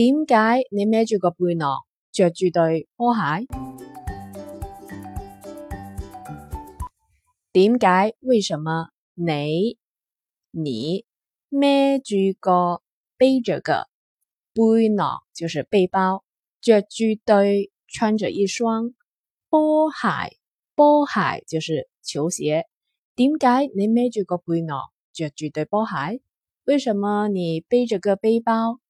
點解你孭住個背囊，着住對波鞋？點解？為什麼你，你孭住個背着個背囊，就是背包，着住對，穿着一雙波鞋，波鞋就是球鞋。點解你孭住個背囊，着住對波鞋？為什麼你背着個背包？